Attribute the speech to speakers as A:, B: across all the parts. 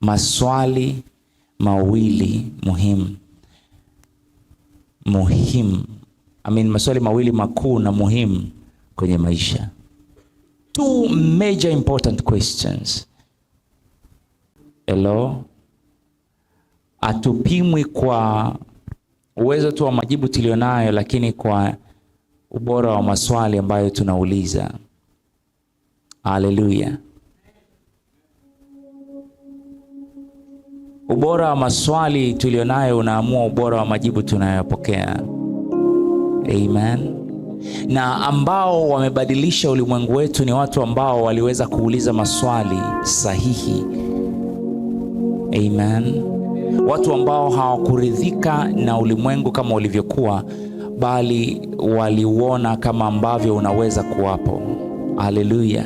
A: maswali mawili muhimu muhimu, I mean, maswali mawili makuu na muhimu kwenye maisha. Two major important questions. Hello, atupimwi kwa uwezo tu wa majibu tulionayo, lakini kwa ubora wa maswali ambayo tunauliza. Haleluya! Ubora wa maswali tulionayo unaamua ubora wa majibu tunayopokea. Amen. Na ambao wamebadilisha ulimwengu wetu ni watu ambao waliweza kuuliza maswali sahihi. Amen. Watu ambao hawakuridhika na ulimwengu kama ulivyokuwa, bali waliuona kama ambavyo unaweza kuwapo. Haleluya!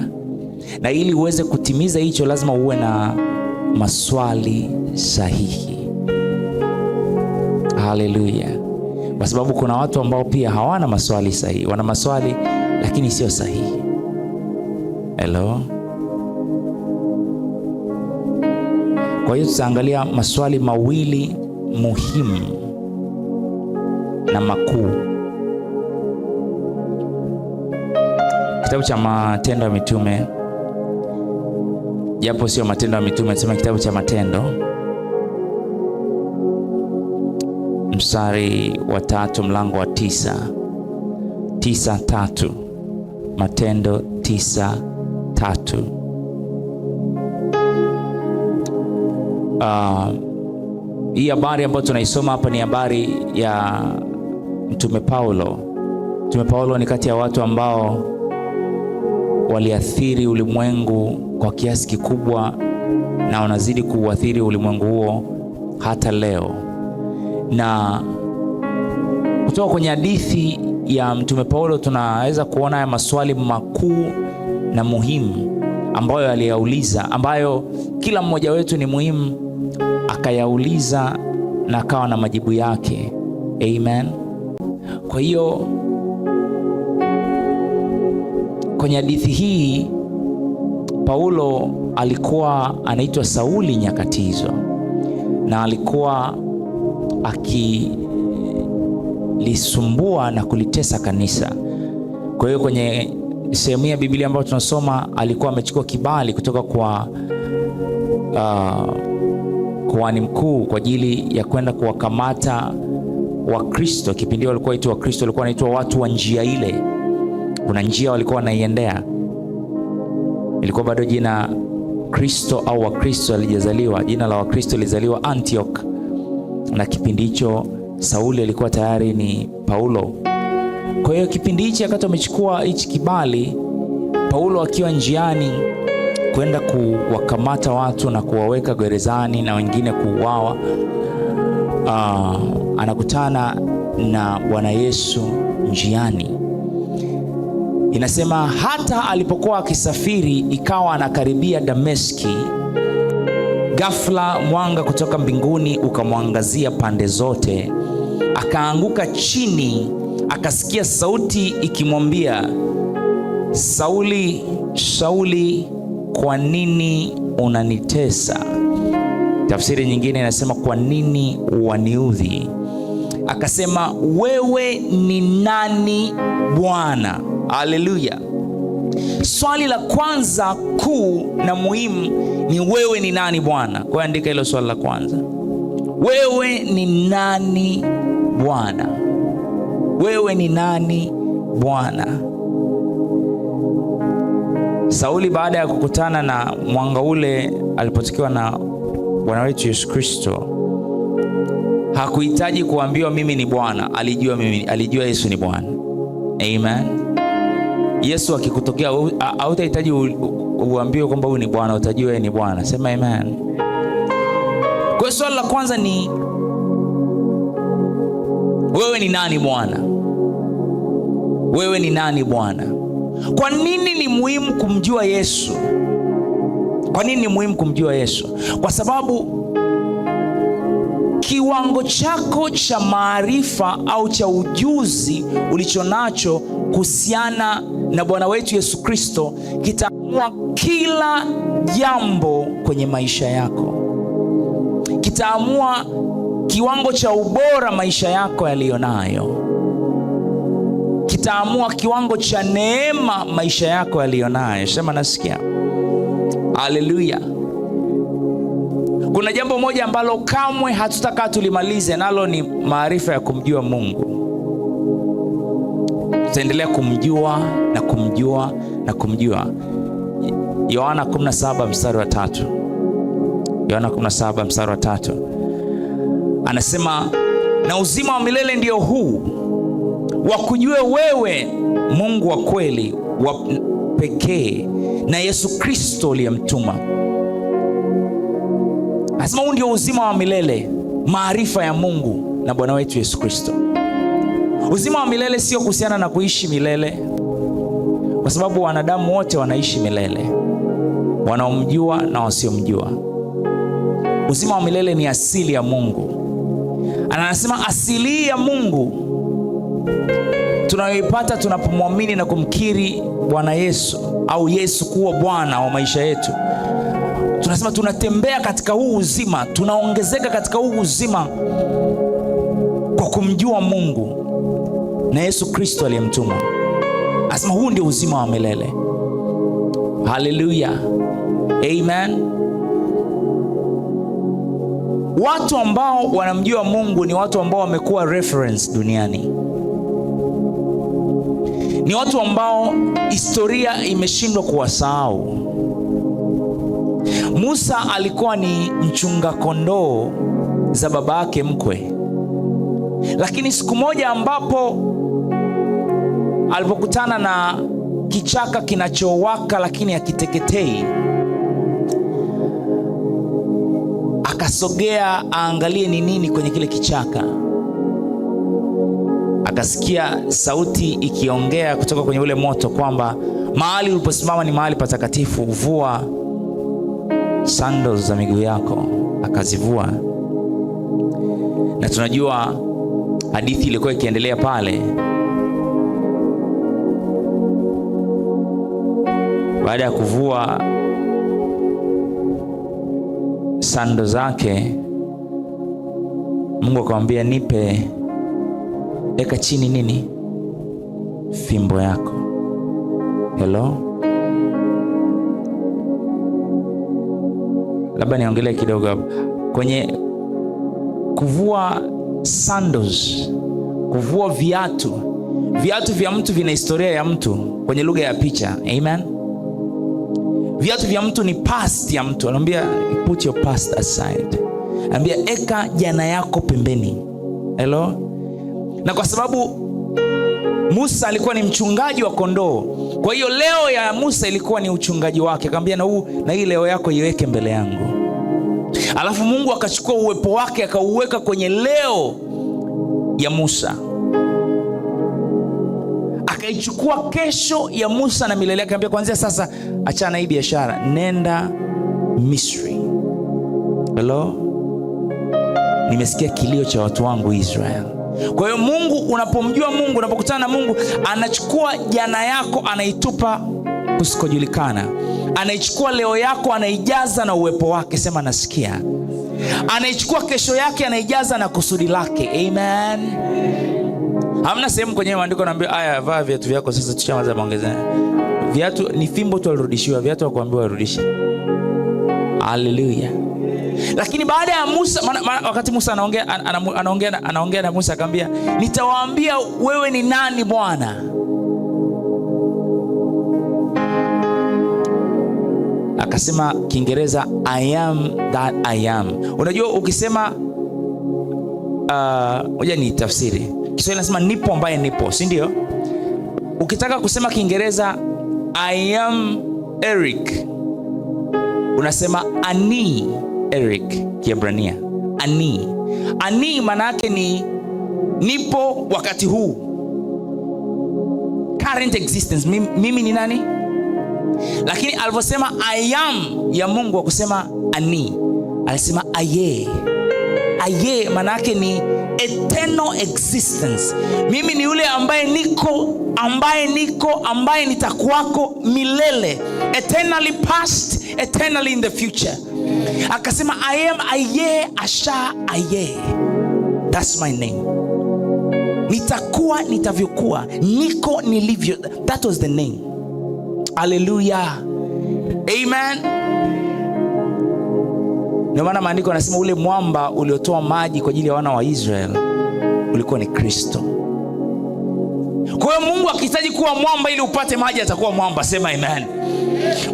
A: Na ili uweze kutimiza hicho, lazima uwe na maswali sahihi. Haleluya! Kwa sababu kuna watu ambao pia hawana maswali sahihi, wana maswali lakini sio sahihi. Hello. Kwa hiyo tutaangalia maswali mawili muhimu na makuu. Kitabu cha Matendo ya Mitume japo sio matendo ya mitume. Tusome kitabu cha Matendo mstari wa tatu mlango wa tisa tisa tatu Matendo tisa tatu Uh, hii habari ambayo tunaisoma hapa ni habari ya mtume Paulo. Mtume Paulo ni kati ya watu ambao waliathiri ulimwengu kwa kiasi kikubwa na unazidi kuuathiri ulimwengu huo hata leo. Na kutoka kwenye hadithi ya Mtume Paulo tunaweza kuona haya maswali makuu na muhimu ambayo aliyauliza, ambayo kila mmoja wetu ni muhimu akayauliza na akawa na majibu yake. Amen. Kwa hiyo kwenye hadithi hii Paulo alikuwa anaitwa Sauli nyakati hizo, na alikuwa akilisumbua na kulitesa kanisa. Kwa hiyo kwenye sehemu ya Biblia ambayo tunasoma alikuwa amechukua kibali kutoka kwa uh, kuhani mkuu kwa ajili ya kwenda kuwakamata Wakristo. Kipindi walikuwa waitwa Wakristo, walikuwa wanaitwa watu wa njia ile. Kuna njia walikuwa wanaiendea ilikuwa bado jina Kristo au Wakristo alijazaliwa, jina la Wakristo lilizaliwa Antioch, na kipindi hicho Sauli alikuwa tayari ni Paulo. Kwa hiyo kipindi hichi akati wamechukua hichi kibali, Paulo akiwa njiani kwenda kuwakamata watu na kuwaweka gerezani na wengine kuuawa, uh, anakutana na Bwana Yesu njiani Inasema hata alipokuwa akisafiri ikawa anakaribia Dameski, ghafla mwanga kutoka mbinguni ukamwangazia pande zote, akaanguka chini, akasikia sauti ikimwambia, Sauli, Sauli, kwa nini unanitesa? Tafsiri nyingine inasema kwa nini waniudhi? Akasema, wewe ni nani Bwana? Haleluya. Swali la kwanza kuu na muhimu ni wewe ni nani Bwana? Kwa hiyo andika hilo swali la kwanza, wewe ni nani Bwana? Wewe ni nani Bwana? Sauli baada ya kukutana na mwanga ule alipotikiwa na Bwana wetu Yesu Kristo hakuhitaji kuambiwa mimi ni Bwana, alijua mimi, alijua Yesu ni Bwana. Amen. Yesu akikutokea hautahitaji uambiwe kwamba huyu ni Bwana, utajua yeye ni Bwana. Sema amen. Kwa hiyo swali la kwanza ni wewe ni nani Bwana? Wewe ni nani Bwana? Kwa nini ni muhimu kumjua Yesu? Kwa nini ni muhimu kumjua Yesu? Kwa sababu kiwango chako cha maarifa au cha ujuzi ulichonacho kuhusiana na Bwana wetu Yesu Kristo kitaamua kila jambo kwenye maisha yako, kitaamua kiwango cha ubora maisha yako yaliyonayo, kitaamua kiwango cha neema maisha yako yaliyonayo. Sema nasikia. Haleluya! Kuna jambo moja ambalo kamwe hatutakaa tulimalize nalo, ni maarifa ya kumjua Mungu utaendelea kumjua na kumjua na kumjua. Yohana 17 mstari wa tatu. Yohana 17 mstari wa tatu anasema, na uzima wa milele ndio huu wakujue wewe Mungu wa kweli wa pekee na Yesu Kristo uliyemtuma. Anasema huu ndio uzima wa milele, maarifa ya Mungu na Bwana wetu Yesu Kristo. Uzima wa milele sio kuhusiana na kuishi milele, kwa sababu wanadamu wote wanaishi milele, wanaomjua na wasiomjua. Uzima wa milele ni asili ya Mungu. Anasema asili ya Mungu tunayoipata tunapomwamini na kumkiri Bwana Yesu au Yesu kuwa Bwana wa maisha yetu. Tunasema tunatembea katika huu uzima, tunaongezeka katika huu uzima kwa kumjua Mungu na Yesu Kristo aliyemtuma. Asema huu ndio uzima wa milele. Haleluya, amen. Watu ambao wanamjua Mungu ni watu ambao wamekuwa reference duniani, ni watu ambao historia imeshindwa kuwasahau. Musa alikuwa ni mchunga kondoo za babake mkwe, lakini siku moja ambapo alipokutana na kichaka kinachowaka lakini hakiteketei, akasogea aangalie ni nini kwenye kile kichaka. Akasikia sauti ikiongea kutoka kwenye ule moto kwamba mahali uliposimama ni mahali patakatifu, vua sandals za miguu yako. Akazivua, na tunajua hadithi ilikuwa ikiendelea pale Baada ya kuvua sando zake, Mungu akamwambia, nipe, eka chini nini, fimbo yako. Hello, labda niongelee kidogo hapo kwenye kuvua sandals, kuvua viatu. Viatu vya mtu vina historia ya mtu kwenye lugha ya picha. Amen. Viatu vya mtu ni past ya mtu, anaambia put your past aside, anambia eka jana yako pembeni. Hello. Na kwa sababu Musa alikuwa ni mchungaji wa kondoo, kwa hiyo leo ya Musa ilikuwa ni uchungaji wake, akamwambia na huu na hii leo yako iweke mbele yangu. Alafu Mungu akachukua uwepo wake akauweka kwenye leo ya Musa akaichukua kesho ya Musa na milele yake, akamwambia kuanzia sasa, achana hii biashara, nenda Misri. Hello, nimesikia kilio cha watu wangu Israel. Kwa hiyo Mungu, unapomjua Mungu, unapokutana na Mungu, anachukua jana yako anaitupa kusikojulikana, anaichukua leo yako anaijaza na uwepo wake. Sema nasikia. Anaichukua kesho yake anaijaza na kusudi lake. Amen. Hamna sehemu kwenye maandiko naambia aya, vaa viatu vyako sasa, tushamaliza maongezea Viatu ni fimbo tu alirudishiwa, viatu hakuambiwa arudishe. Haleluya. Lakini baada ya Musa man, man, wakati Musa anaongea anaongea anaongea na Musa akamwambia, nitawaambia wewe ni nani Bwana. Akasema Kiingereza I am that I am. Unajua ukisema, uh, ngoja ni tafsiri Kiswahili nasema nipo ambaye nipo, si ndio? Ukitaka kusema Kiingereza I am Eric, unasema ani Eric Kiebrania. Ani, ani maana yake ni nipo wakati huu, current existence. Mimi, mimi ni nani? Lakini alivyosema I am ya Mungu wa kusema ani, alisema aye. Aye maana yake ni eternal existence. Mimi ni yule ambaye niko ambaye niko ambaye nitakuwako milele, eternally past, eternally in the future. Akasema I am aye asha aye, that's my name. Nitakuwa nitavyokuwa, niko nilivyo, that was the name. Haleluya, amen. Ndio maana maandiko yanasema ule mwamba uliotoa maji kwa ajili ya wana wa Israeli ulikuwa ni Kristo. Kwa hiyo Mungu akihitaji kuwa mwamba ili upate maji atakuwa mwamba, sema amen.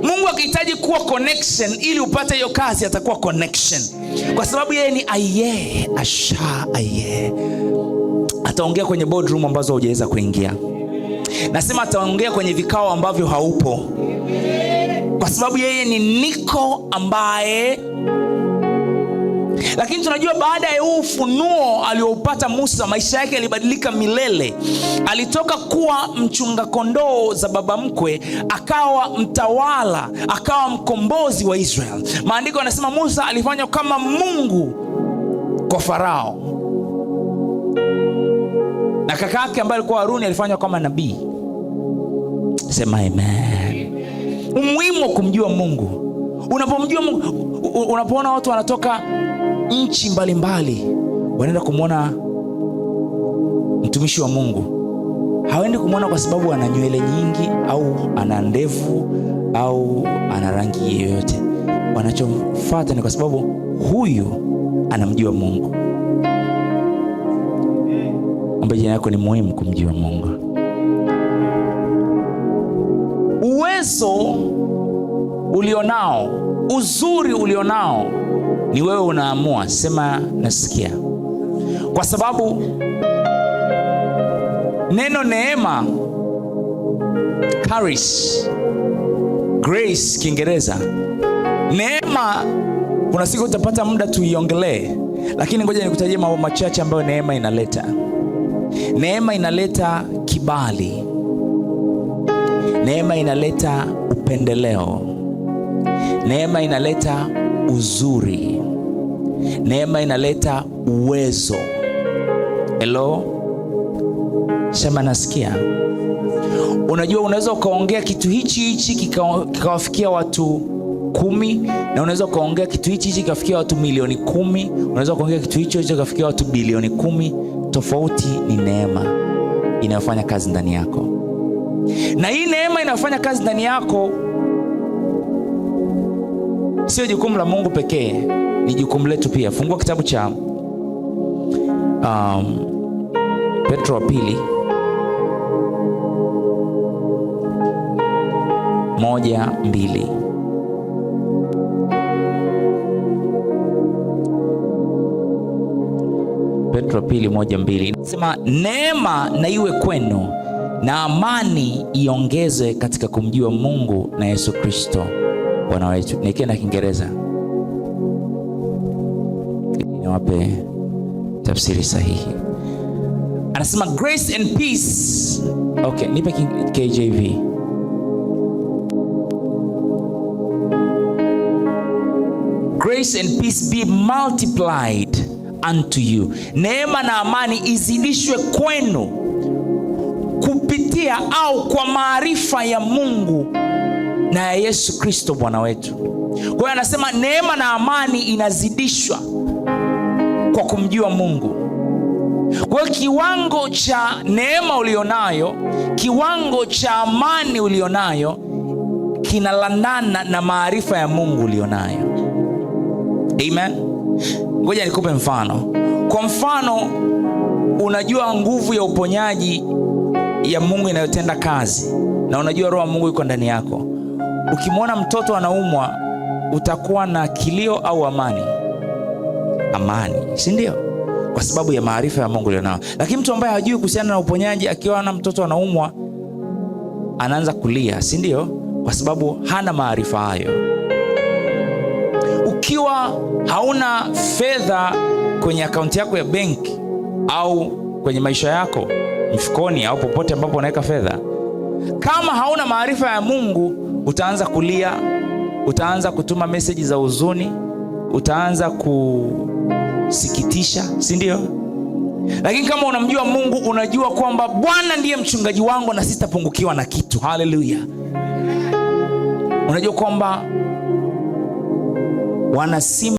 A: Mungu akihitaji kuwa connection ili upate hiyo kazi atakuwa connection, kwa sababu yeye ni aye asha aye. Ataongea kwenye boardroom ambazo hujaweza kuingia, nasema ataongea kwenye vikao ambavyo haupo, kwa sababu yeye ni niko ambaye lakini tunajua baada ya huu ufunuo aliyoupata Musa, maisha yake yalibadilika milele. Alitoka kuwa mchunga kondoo za baba mkwe, akawa mtawala, akawa mkombozi wa Israel. Maandiko yanasema Musa alifanywa kama Mungu kwa Farao, na kaka yake ambaye alikuwa Haruni alifanywa kama nabii. Sema amen. Umuhimu wa kumjua Mungu, unapomjua Mungu, unapoona watu wanatoka nchi mbalimbali wanaenda kumwona mtumishi wa Mungu. Hawaendi kumwona kwa sababu ana nywele nyingi au ana ndevu au ana rangi yoyote. Wanachofuata ni kwa sababu huyu anamjua Mungu. amba jina yako ni muhimu kumjua Mungu. Uwezo ulionao, uzuri ulionao ni wewe unaamua, sema nasikia, kwa sababu neno neema charis, grace Kiingereza, neema kuna siku utapata muda tuiongelee, lakini ngoja nikutajie mambo machache ambayo neema inaleta. Neema inaleta kibali, neema inaleta upendeleo, neema inaleta uzuri. Neema inaleta uwezo. Hello, sema nasikia. Unajua, unaweza ukaongea kitu hichi hichi kikawafikia watu kumi, na unaweza ukaongea kitu hichi hichi kikafikia watu milioni kumi. Unaweza ukaongea kitu hicho hicho kikafikia watu bilioni kumi. Tofauti ni neema inayofanya kazi ndani yako, na hii neema inayofanya kazi ndani yako sio jukumu la Mungu pekee, ni jukumu letu pia. Fungua kitabu cha um, Petro wa pili moja mbili Petro pili moja mbili inasema, neema na iwe kwenu na amani iongezwe katika kumjua Mungu na Yesu Kristo. Bwana wetu. Nikienda Kiingereza niwape tafsiri sahihi. Anasema grace and peace. Okay, nipe KJV. Grace and peace be multiplied unto you. Neema na amani izidishwe kwenu kupitia au kwa maarifa ya Mungu na ya Yesu Kristo Bwana wetu. Kwa hiyo anasema neema na amani inazidishwa kwa kumjua Mungu. Kwa hiyo kiwango cha neema ulionayo, kiwango cha amani ulionayo kinalandana na maarifa ya Mungu ulionayo. Amen. Ngoja nikupe mfano. Kwa mfano, unajua nguvu ya uponyaji ya Mungu inayotenda kazi na unajua roho ya Mungu iko ndani yako ukimwona mtoto anaumwa utakuwa na kilio au amani? Amani, si ndio? Kwa sababu ya maarifa ya Mungu alionao. Lakini mtu ambaye hajui kuhusiana na uponyaji, akiona mtoto anaumwa anaanza kulia, si ndio? Kwa sababu hana maarifa hayo. Ukiwa hauna fedha kwenye akaunti yako ya benki au kwenye maisha yako mfukoni, au popote ambapo unaweka fedha, kama hauna maarifa ya Mungu Utaanza kulia, utaanza kutuma meseji za huzuni, utaanza kusikitisha, si ndio? Lakini kama unamjua Mungu unajua kwamba Bwana ndiye mchungaji wangu na sitapungukiwa na kitu. Haleluya! Unajua kwamba wanasima